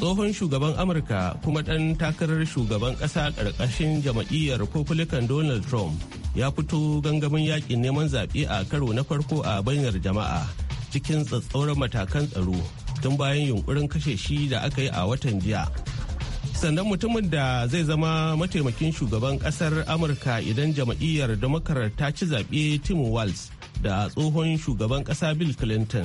tsohon shugaban amurka kuma ɗan takarar shugaban ƙasa ƙarƙashin jam'iyyar republican donald trump ya fito gangamin yakin neman zaɓe a karo na farko a bayyar jama'a cikin tsatsauran matakan tsaro tun bayan yunkurin kashe shi da aka yi a watan jiya sannan mutumin da zai zama mataimakin shugaban ƙasar amurka idan jam'iyyar democrat ta ci zaɓe tim walz da tsohon shugaban ƙasa bill clinton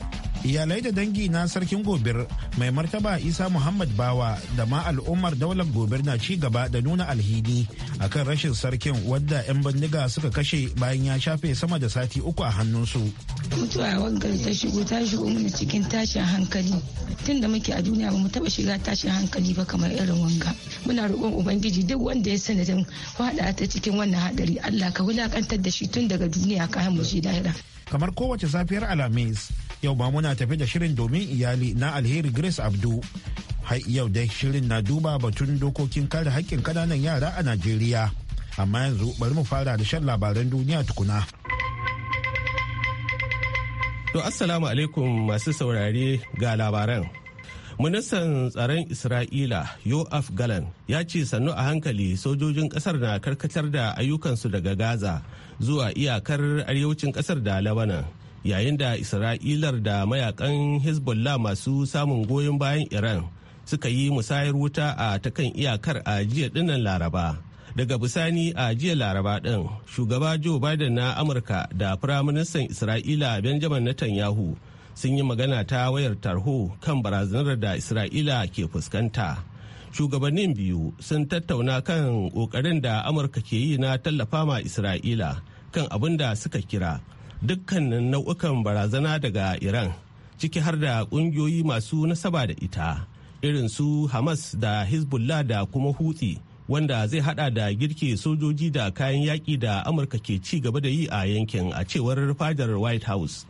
iyalai da dangi na sarkin gobir mai martaba isa muhammad bawa da ma al'ummar daular gobir na ci gaba da nuna alhini akan rashin sarkin wadda 'yan bindiga suka kashe bayan ya shafe sama da sati uku a hannunsu mutuwa wangar ta shigo ta shigo mana cikin tashin hankali tun da muke a duniya ba mu taba shiga tashin hankali ba kamar irin wanga muna roƙon ubangiji duk wanda ya sanadin faɗa ta cikin wannan hadari allah ka wulakantar da shi tun daga duniya kayan mu shi lahira kamar kowace safiyar alhamis yau ba muna tafi da shirin domin iyali na alheri grace abdu har yau dai shirin na duba batun dokokin kare haƙƙin ƙananan yara a najeriya amma yanzu bari mu fara da shan labaran duniya tukuna to assalamu alaikum masu saurare ga labaran ministan tsaron isra'ila yoav galan ya ce sannu a hankali sojojin kasar na karkatar da ayyukansu daga gaza zuwa iyakar arewacin kasar da labanan yayin da isra'ilar da mayakan hezbollah masu samun goyon bayan iran suka yi musayar wuta a takan iyakar a jiya dinnan laraba daga bisani a jiya laraba din shugaba joe biden na amurka da firaministan isra'ila benjamin netanyahu sun yi magana ta wayar tarho kan barazanar da isra'ila ke fuskanta shugabannin biyu sun tattauna kan kokarin da amurka ke yi na tallafa ma isra'ila kan abin da suka kira dukkanin nau'ukan barazana daga iran ciki har da kungiyoyi masu nasaba da ita irin su hamas da hezbollah da kuma hutsi wanda zai hada da girke sojoji da kayan yaƙi da amurka ke ci gaba da yi a yankin a cewar fadar white house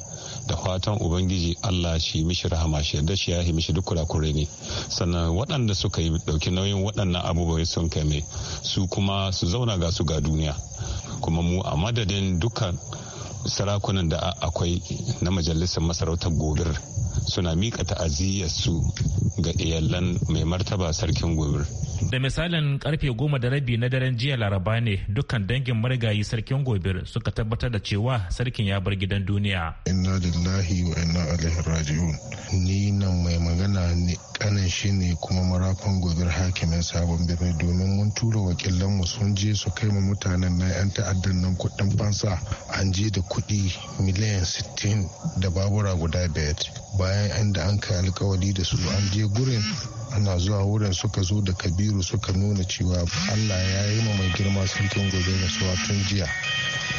da fatan ubangiji allah shi mishi rahama shi yadda shi ya yi mishi duk kurakure ne sannan waɗanda suka yi ɗauki nauyin waɗannan abubuwa sun kai mai su kuma su zauna ga su ga duniya kuma mu a madadin dukkan sarakunan da akwai na majalisar masarautar gobir suna mika su ga iyalan mai martaba sarkin gobir da misalin karfe goma da rabi na daren jiya laraba ne dukkan dangin marigayi sarkin gobir suka tabbatar da cewa sarkin ya bar gidan duniya inna lillahi wa inna ilaihi raji'un ni nan mai magana ne kanin shi ne kuma marafan gobir hakimin sabon birni domin mun tura wakilan mu sun je su kai mu mutanen na yan ta'addan nan kudin fansa an je da kudi miliyan sittin da babura guda biyar bayan inda an kai alkawari da su an je gurin ana zuwa wurin suka zo da kabiru suka nuna cewa allah ya yi ma mai girma sulkin gobe da suwa tun jiya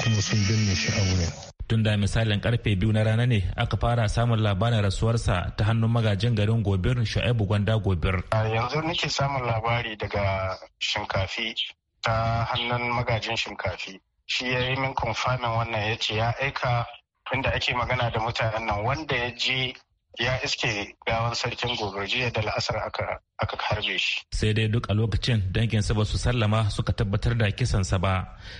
kuma sun binne shi a wurin tun da misalin karfe biyu na rana ne aka fara samun labarin rasuwarsa ta hannun magajin garin gobir shu'aibu gwanda gobir yanzu nake samun labari daga shinkafi ta hannun magajin shinkafi shi ya yi min wannan ya ce ya aika tunda ake magana da mutanen nan wanda ya je ya iske gawan sarkin gobe da la'asar aka harbe shi. Sai dai duk a lokacin danginsa ba su sallama suka tabbatar da kisansa ba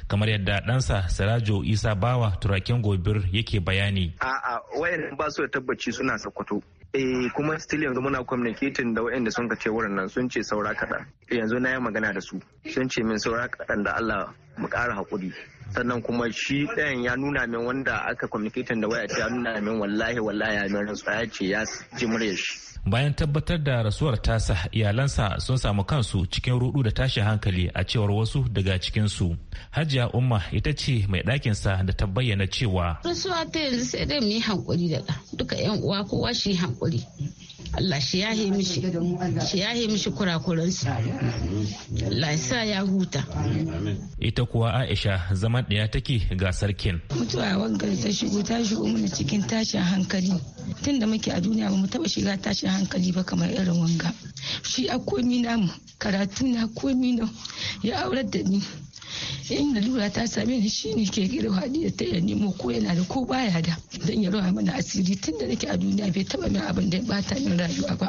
kamar yadda ɗansa Sirajo Isa Bawa turakin gobir yake bayani. A'a wayan ba su da tabbaci suna sakwato. Eh kuma still yanzu muna communicating da wayanda sun ka ce wurin nan sun ce saura kaɗan. Yanzu na yi magana da su sun ce min saura kaɗan da Allah mu ƙara haƙuri. sannan kuma shi ɗayan ya nuna min wanda aka communicating da waya ya nuna min wallahi wallahi ya min rantsuwa ya ce ya ji shi bayan tabbatar da rasuwar tasa iyalansa sun samu kansu cikin rudu da tashin hankali a cewar wasu daga cikin su hajiya umma ita ce mai ɗakin sa da ta bayyana cewa rasuwa ta yanzu sai dai mu yi hankuri da duka yan uwa kowa shi hankuri Allah shi yi mishi shi ya yi mishi kurakuransu. Allah ya sa ya huta ita kuwa Aisha zama ɗaya take ga sarkin mutuwa wanga ta shigo ta shigo mana cikin tashin hankali tun da muke a duniya ba mu taba shiga tashin hankali ba kamar irin wanga shi a komi namu karatu na komi na ya aurar da ni Eh, in lura ta same ni shine ke gira hadi ya taya nemo ko yana da ko baya da dan ya rawa mana asiri tun da nake a duniya bai taba min abin da ya bata min rayuwa ba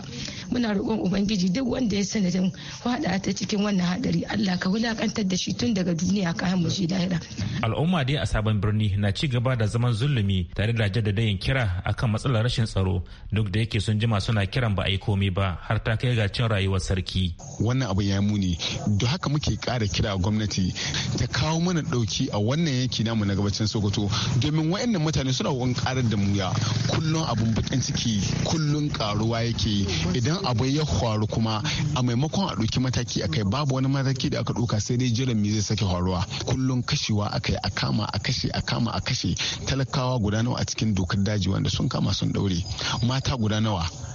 muna roƙon ubangiji duk wanda ya dan hada ta cikin wannan hadari Allah ka wulakantar da shi tun daga duniya kayan mu shi lahira al'umma dai a sabon birni na ci gaba da zaman zulumi tare da jaddadayin kira akan matsalar rashin tsaro duk da yake sun jima suna kiran ba a yi komai ba har ta kai ga cin rayuwar sarki wannan abu ya muni don haka muke kara kira gwamnati ta kawo mana dauki a wannan yanki namu na gabacin sokoto domin wayannan mutane suna wan karar da muya kullun abun bakin ciki kullun karuwa yake idan abu ya faru kuma a maimakon a ɗauki mataki akai babu wani mataki da aka ɗauka sai dai jiran me zai sake faruwa kullun kashewa akai a kama a kashe a kama a kashe talakawa guda nawa a cikin dokar daji wanda sun kama sun daure mata guda nawa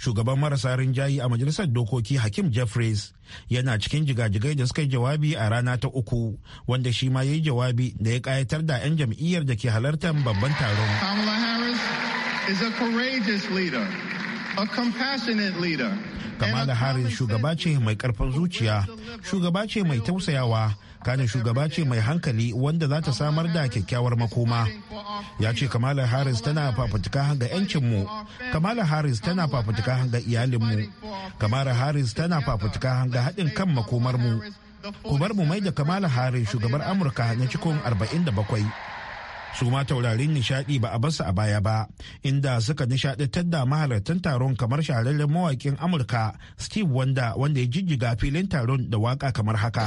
shugaban marasa rinjayi a majalisar dokoki hakim jeffries yana cikin jigajigai da suka yi jawabi a rana ta uku wanda shi ma ya yi jawabi da ya kayatar da 'yan jam'iyyar da ke halartar babban taron kamala harris shugaba ce mai karfin zuciya shugaba ce mai tausayawa kane shugaba ce mai hankali wanda za ta samar da kyakkyawar makoma ya ce kamala harris tana fafutuka ga 'yancinmu kamala harris tana fafutuka ga iyalinmu kamala harris tana fafutuka ga haɗin kan makomarmu ku bar mu mai da kamala harris shugabar amurka na cikin 47 su ma taurarin nishadi ba a basu a baya ba inda suka ta da mahalartan taron kamar shahararren mawakin amurka steve wanda wanda ya jijjiga filin taron da waka kamar haka.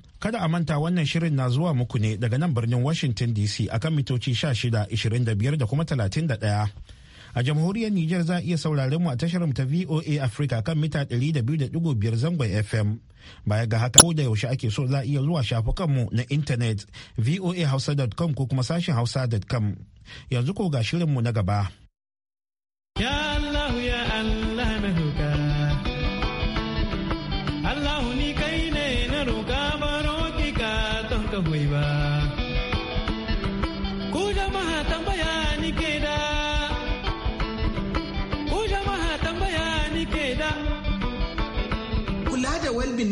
Kada a manta wannan shirin na zuwa muku ne daga nan birnin Washington DC akan mitoci 16, 25 da kuma 31. a jamhuriyar Nijar za a iya sauraren a tashar ta VOA Africa kan mita 200.5 zangon FM. Baya ga haka ko da yaushe ake so za a iya zuwa shafukanmu na intanet voahausa.com ko kuma sashen hausa.com. Yanzu ko ga shirinmu na gaba.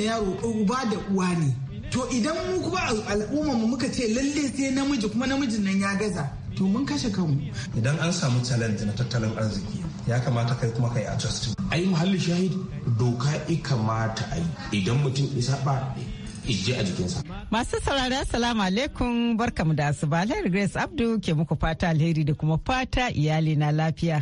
yaro uba da uwa ne to idan mu kuma al'umma mu muka ce lalle sai namiji kuma namijin nan ya gaza to mun kashe kanmu idan an samu challenge na tattalin arziki ya kamata kai kuma kai adjust ai muhalli shahid doka i kamata ai idan mutum isa ba ije a jikinsa Masu saurari Assalamu alaikum barkamu da asuba Alheri Grace Abdu ke muku fata alheri da kuma fata iyali na lafiya.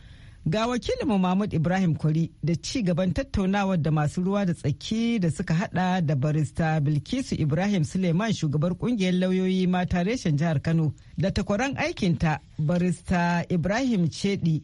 Ga wakilin Mahmud Ibrahim Kwari da ci gaban tattaunawar da masu ruwa da tsaki da suka hada da barista Bilkisu Ibrahim Suleiman shugabar kungiyar lauyoyi mata reshen jihar Kano da takwaran aikinta barista Ibrahim Chedi.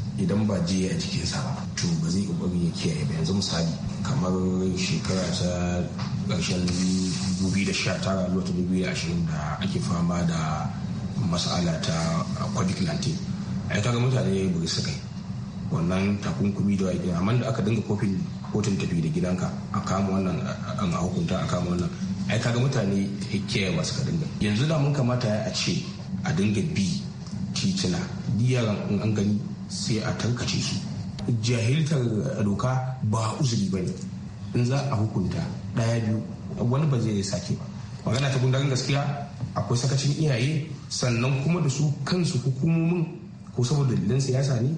idan ba jiya a jikinsa ba to ba zai kokari ya kiyaye ba yanzu misali kamar shekara ta ƙarshen 2019 zuwa ta 2020 da ake fama da mas'ala ta covid-19 ta ga mutane ya yi buri sakai, wannan takunkumi da waje amma da aka dinga kofin kotun tafi da gidanka a kama wannan an a hukunta a kama wannan ai kaga mutane kiyaye ba suka dinga yanzu da mun kamata a ce a dinga bi titina diyar an gani sai a tankace su jahiltar doka ba uzuri ba ne in za a hukunta ɗaya biyu wani ba zai sake ba magana ta gundarin gaskiya akwai sakacin iyaye sannan kuma da su kansu hukumomin ko saboda siyasa ne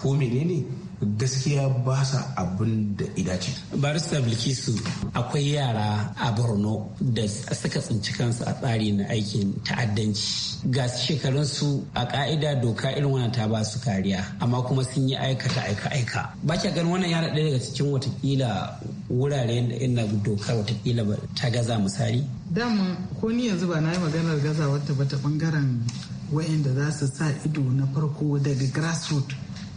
ko menene gaskiya ba sa abin da idace. barista bilkisu akwai yara a borno da suka tsinci kansu a tsari na aikin ta'addanci ga shekarunsu a ka'ida doka irin wannan ta ba su kariya amma kuma sun yi aikata aika-aika ba ki ganin wannan yara ɗaya daga cikin watakila wurare da ina doka watakila ta gaza misali dama ko ni yanzu ba na yi maganar gazawar ta bata bangaren wayanda za su sa ido na farko daga grassroots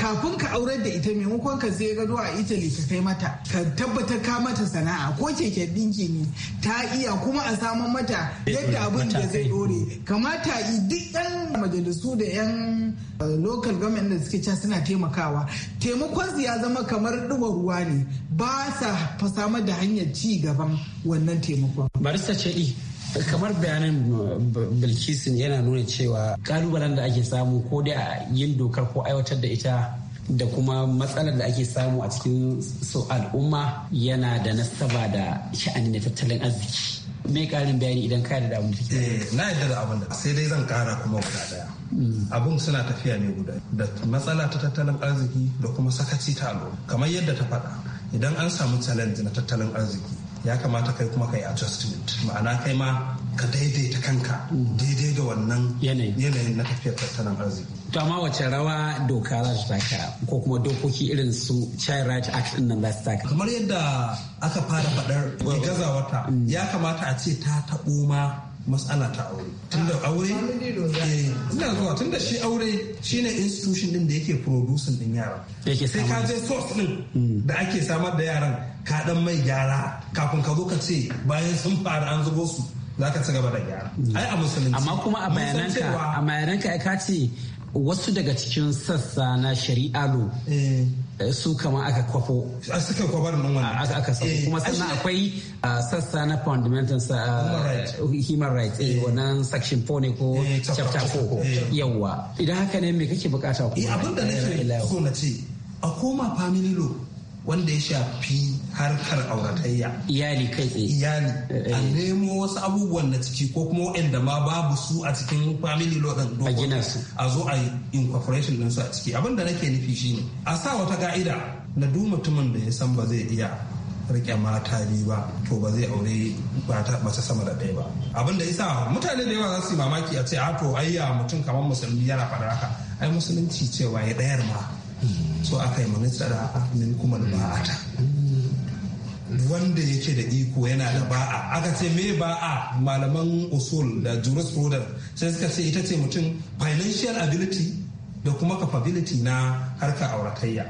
kafin ka aurar da ita maimakon ka zai gado a italy ka kai mata ka tabbatar ka mata sana'a ko keke dinki ne ta iya kuma a samun mata yadda eh, abin da zai dore kamata yi duk yan majalisu da yan eh, local government da suke ca suna taimakawa taimakon su ya zama kamar ɗuwar ruwa ne ba sa samar da hanyar ci gaban wannan taimakon barista ce kamar bayanin eh, bilkisun yana nuna cewa kalubalen da ake samu ko dai a yin dokar ko aiwatar da ita da kuma matsalar da ake samu a cikin su al'umma yana da nasaba da sha'anin da tattalin arziki mai karin bayani idan ka da abin da eh, na yadda da abin da sai dai zan kara kuma guda daya mm. abun suna tafiya ne guda da matsala ta tattalin arziki da kuma sakaci ta al'umma kamar yadda ta faɗa idan an samu challenge na tattalin arziki ya kamata kai kuma kai adjustment ma'ana kai ma ka daidaita kanka daidai da wannan yanayin na tafiyar tattalin arziki to amma wace rawa doka za su taka ko kuma dokoki irin su child right act din nan za su taka kamar yadda aka fara faɗar wata. ya kamata a ce ta taɓo ma matsala ta aure tunda aure eh, ina zuwa tunda shi aure shine institution din da yake producing din yara sai ka je source din hmm. da ake samar da yaran ka dan mai gyara kafin ka zo ka ce bayan sun fara an zubo su za ka ci gaba da gyara hmm. ai a musulunci amma kuma a bayananka a bayananka ka ce wasu daga cikin sassa na shari'a lo eh. Eh, su kama aka kwafo a ah, suka kwabar nan wannan ah, aka sa eh, kuma sannan akwai ah, sassa na fundamental human rights eh, wannan section 4 ne ko chapter 4 yawa idan haka ne me kake bukata ku abin da nake so na ce a koma family law wanda ya shafi harkar auratayya iyali kai tsaye iyali a eh. nemo wasu abubuwan na ciki ko kuma wa'anda ma babu su a cikin family law din a gina su a zo a incorporation din su a ciki abin da nake nufi shine a sa wata ka'ida na duk mutumin da ya san ba zai iya rike mata biyu ba to ba zai aure mace sama da ɗaya ba abin da sa mutane da yawa za su yi mamaki a ce a to ayya mutum kamar musulmi yana faɗa haka ai musulunci cewa ya ɗayar ma so aka yi manitsara min kuma ba'ata wanda yake da iko yana da ba'a aka ce me ba'a malaman usul da jurisprudence sai suka ce ita ce mutum financial ability da kuma capability na harkar auratayya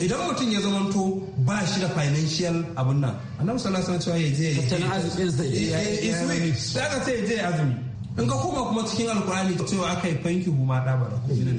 idan mutum ya zamanto ba shi da financial abun nan annabi sallallahu alaihi wasallam ya je tattalin arzikin sa ya yi sai aka ce ya je azumi in ka koma kuma cikin alkurani cewa aka yi fanki huma da ba da kuma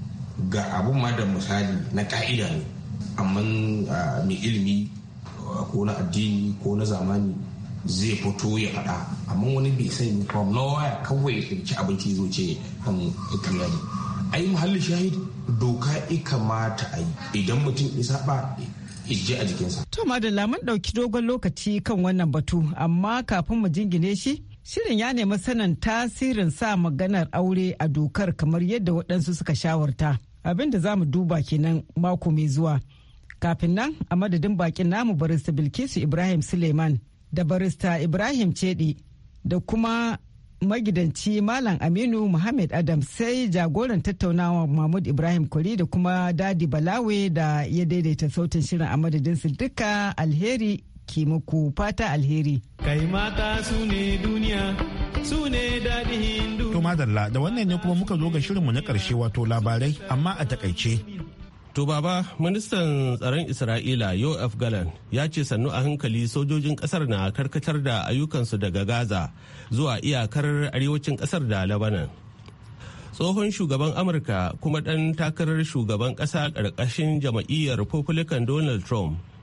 ga abun ma da misali na ka'ida ne amma mai ilimi ko na addini ko na zamani zai fito ya faɗa amma wani bai sani from nowhere kawai ya ci abinci zo ce kan ikirya ne ai muhalli shahid doka mata a yi idan mutum ya saba ije a jikinsa. To madalla mun ɗauki dogon lokaci kan wannan batu amma kafin mu jingine shi Shirin ya nemi sanin tasirin sa maganar aure a dokar kamar yadda waɗansu suka shawarta. Abin da za mu duba kenan mako mai zuwa. Kafin nan a madadin bakin namu barista Bilkisu Ibrahim Suleiman da barista Ibrahim Cedi da kuma magidanci Malam Aminu Muhammad Adam sai jagoran tattaunawa Mahmud Ibrahim kuri da kuma Dadi Balawe da ya daidaita sautin shirin a madadinsu duka alheri ke muku fata alheri. kai mata su ne duniya su ne daɗin Hindu. To madalla da wannan ne kuma muka zo ga shirinmu na ƙarshe wato labarai amma a takaice. To baba, ministan tsaron Isra'ila Yoav Galan ya ce sannu a hankali sojojin kasar na karkatar da ayyukansu daga Gaza zuwa iyakar arewacin kasar da Labanan. Tsohon shugaban Amurka kuma ɗan takarar shugaban ƙasa ƙarƙashin jama'iyyar Republican Donald Trump